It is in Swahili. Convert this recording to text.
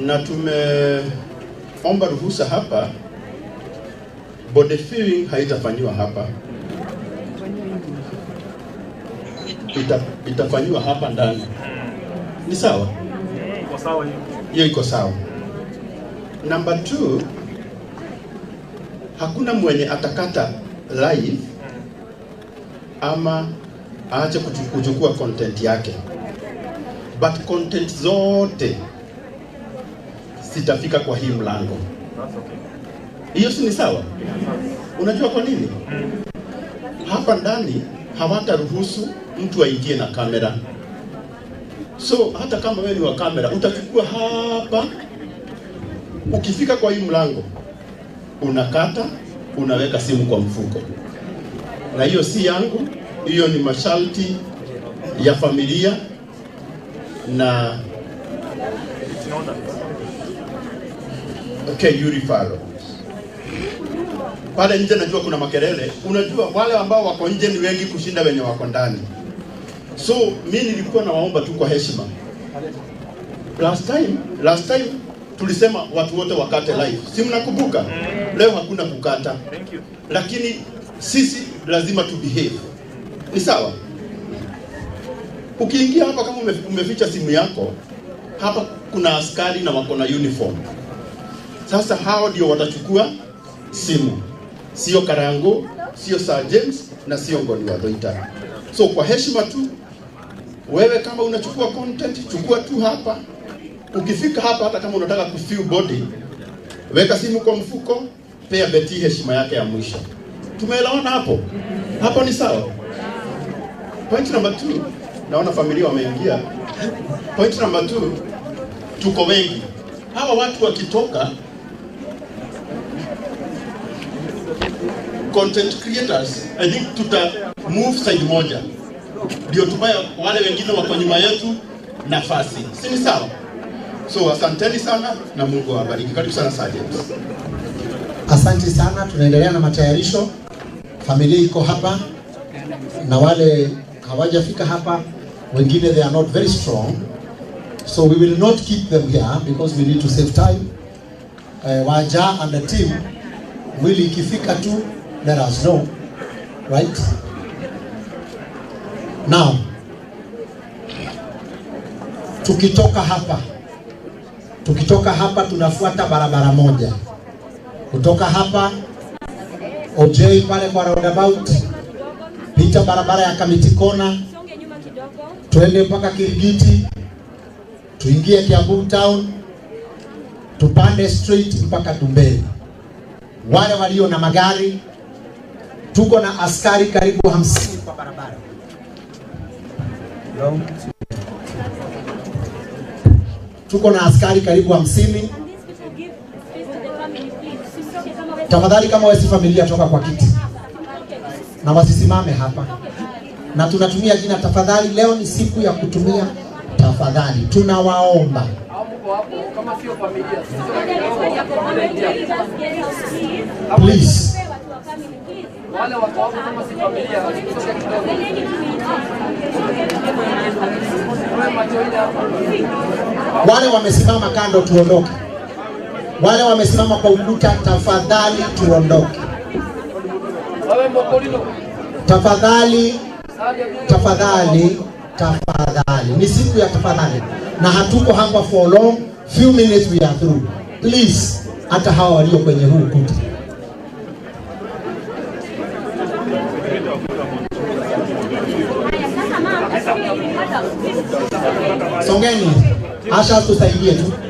na tumeomba ruhusa hapa, body filling haitafanyiwa hapa, ita, itafanyiwa hapa ndani. Ni sawa? Hiyo iko sawa. Number two, hakuna mwenye atakata live ama aache kuchukua content yake, but content zote sitafika kwa hii mlango. Hiyo si ni sawa? Unajua kwa nini? Mm. Hapa ndani hawataruhusu mtu aingie na kamera, so hata kama wewe ni wa kamera utachukua hapa. Ukifika kwa hii mlango unakata, unaweka simu kwa mfuko, na hiyo si yangu, hiyo ni masharti ya familia na Okay, Yuri Faro. Pale nje najua kuna makelele. Unajua wale ambao wako nje ni wengi kushinda wenye wako ndani. So mi nilikuwa nawaomba tu kwa heshima. Last time, last time tulisema watu wote wakate live. Si mnakumbuka? Leo hakuna kukata. Lakini sisi lazima tu behave. Ni sawa? Ukiingia hapa kama umeficha simu yako, hapa kuna askari na wako na uniform. Sasa hao ndio watachukua simu, sio Karango, sio Sir James na sio Ngoni wa Waitara. So kwa heshima tu, wewe kama unachukua content, chukua tu hapa. Ukifika hapa, hata kama unataka kufill body, weka simu kwa mfuko, pea Beti heshima yake ya mwisho. Tumeelewana hapo? Hapo ni sawa. Point number 2, naona familia wameingia. Point number 2, tuko wengi hawa watu wakitoka content creators, I think tuta move side moja ndio tupaya wale wengine wako nyuma yetu nafasi, si ni sawa? So asanteni sana na Mungu awabariki. Karibu sana Sergeant. Asante sana, tunaendelea na matayarisho. Familia iko hapa na wale hawajafika hapa, wengine they are not very strong, so we will not keep them here because we need to save time. Uh, eh, waja and the team, mwili ikifika tu let us know, right? Now, tukitoka hapa tukitoka hapa tunafuata barabara moja kutoka hapa OJ pale kwa roundabout, pita barabara ya kamitikona twende tuende mpaka Kirigiti, tuingie Kiambu Town, tupande street mpaka Tumbeli. Wale walio na magari tuko na askari karibu hamsini kwa barabara. Tuko na askari karibu hamsini. Tafadhali kama wesi familia, toka kwa kiti na wasisimame hapa, na tunatumia jina tafadhali. Leo ni siku ya kutumia tafadhali, tunawaomba please wale wakaao kama si familia Wale wamesimama kando tuondoke, wale wamesimama kwa ukuta tafadhali tuondoke, tafadhali, tafadhali, tafadhali. Ni siku ya tafadhali na hatuko hapa for long, few minutes we are through. Please, hata hawa walio kwenye huu ukuta Songeni, asha tusaidie tu.